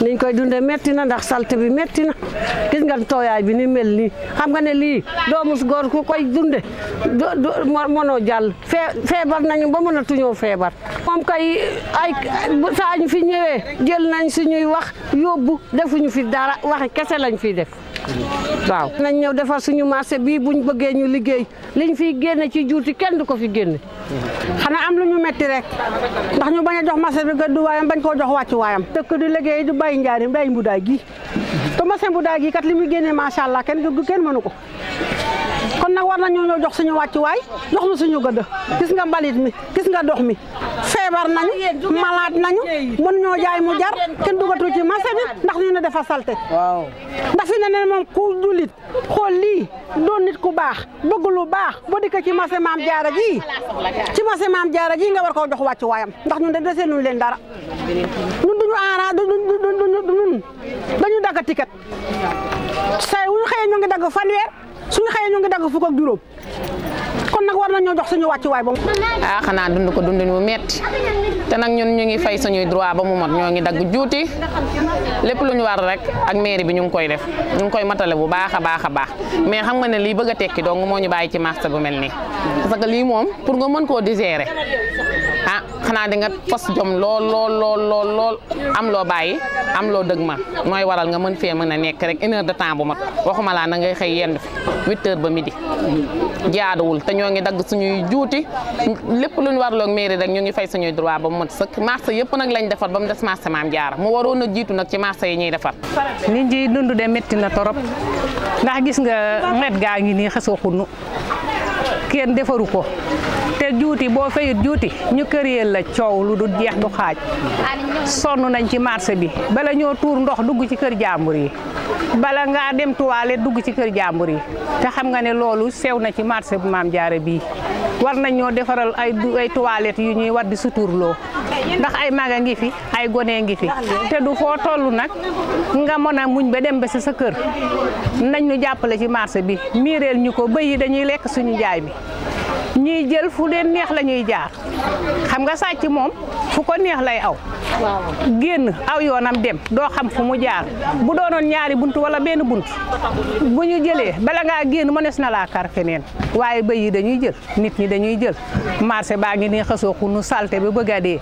niñ koy dundee métti na ndax salte bi métti na gis nga tooyaay bi ni mel nii xam nga ne lii doomu góor ku koy dunde do jàll feebar nañu ba mënatuñoo feebar moom kay ay saa fi ñëwee jël nañ suñuy wax yóbbu defuñu fi dara waxi kese lañ fi def waaw nañ ñëw defar suñu marché bii buñ bëggee ñu liggéey liñ fiy génne ci juuti kenn du ko fi génne xanaa am lu metti rek ndax ñu bañ a jox marché bi gëddu waayam bañ koo jox wàccu waayam dëkk di léggéey du bàyyi njaari bàyyi mbudaay gi te marché mbudaay gii kat li muy génnee macha allah kenn gëggu kenn mënu ko kon nag war nañoo ñoo jox suñu wàccuwaay jox na suñu gëdd gis nga mbalit mi gis nga dox mi feebar nañu malade nañu mën ñoo jaay mu jar kenn dugatul ci marché bi ne dafa salte waaw ndax fi ne ne moom ku jullit xool lii doon nit ku baax bëgg lu baax boo dikk ci marché maam jaara ji ci marché maam jaara ji nga war koo jox wàcc waayam ndax ñun de desee nuñu leen dara ñun duñu aara ñun dañu dagg ticket say wuñu xëyee ñu ngi dagg fanweer suñu xëyee ñu ngi dagg fukk ak juróom kon nag war na ñoo jox suñu wàcc waay ba ah xanaa dund ko dundin wu metti te nag ñun ñu ngi fay suñuy droit ba mu mot ñoo ngi dagg juuti lépp lu ñu war rek ak mairie bi ñu ngi koy def ñu ngi koy matale bu baax a baax a baax mais xam nga ne lii bëgg a tekki dong moo ñu bàyyi ci marché bu mel nii parce que lii moom pour nga mën koo digérer ah xanaa di nga fas jom lool lool lool lool lool am loo bàyyi am loo dëgg ma mooy waral nga mën fee mën a nekk rek une heure de temps bu mat waxuma laa na ngay xëy yend fi huit heures ba midi jaaduwul te ñoo ngi dagg suñuy juuti lépp lu ñu warloog mairie rek ñu ngi fay suñuy droit ba mu mat sëkk yëpp nag lañ defar ba mu des marché maam jaara mu waroon a jiitu nag ci marché yi ñuy defar nit ji dund de métti na torop ndax gis nga xet gaa ngi nii xasoo xunnu kenn defaru ko te juuti boo fayut juuti ñu kër yee la coow lu du jeex du xaaj sonn nañ ci marché bi bala ñoo tuur ndox dugg ci kër jàmbur yi bala ngaa dem toilette dugg ci kër jàmbur yi te xam nga ne loolu sew na ci marché bu maam jaara bii war nañ ñoo defaral ay ay toilettes yu ñuy war di suturloo ndax ay mag a ngi fi ay gone a ngi fi te du foo toll nag nga mën a muñ ba dem ba sa sa kër nañ ñu jàppale ci marché bi miireel ñu ko bëy dañuy lekk suñu jaay bi ñuy jël fu leen neex la ñuy jaar xam nga sàcc moom fu ko neex lay aw génn aw yoonam dem doo xam fu mu jaar bu doonoon ñaari bunt wala benn bunt bu ñu jëlee bala ngaa génn mënees na laa kar feneen waaye bëy yi dañuy jël nit ñi dañuy jël marché baa ngi neex nii xasoo nu salte bi bëgg dee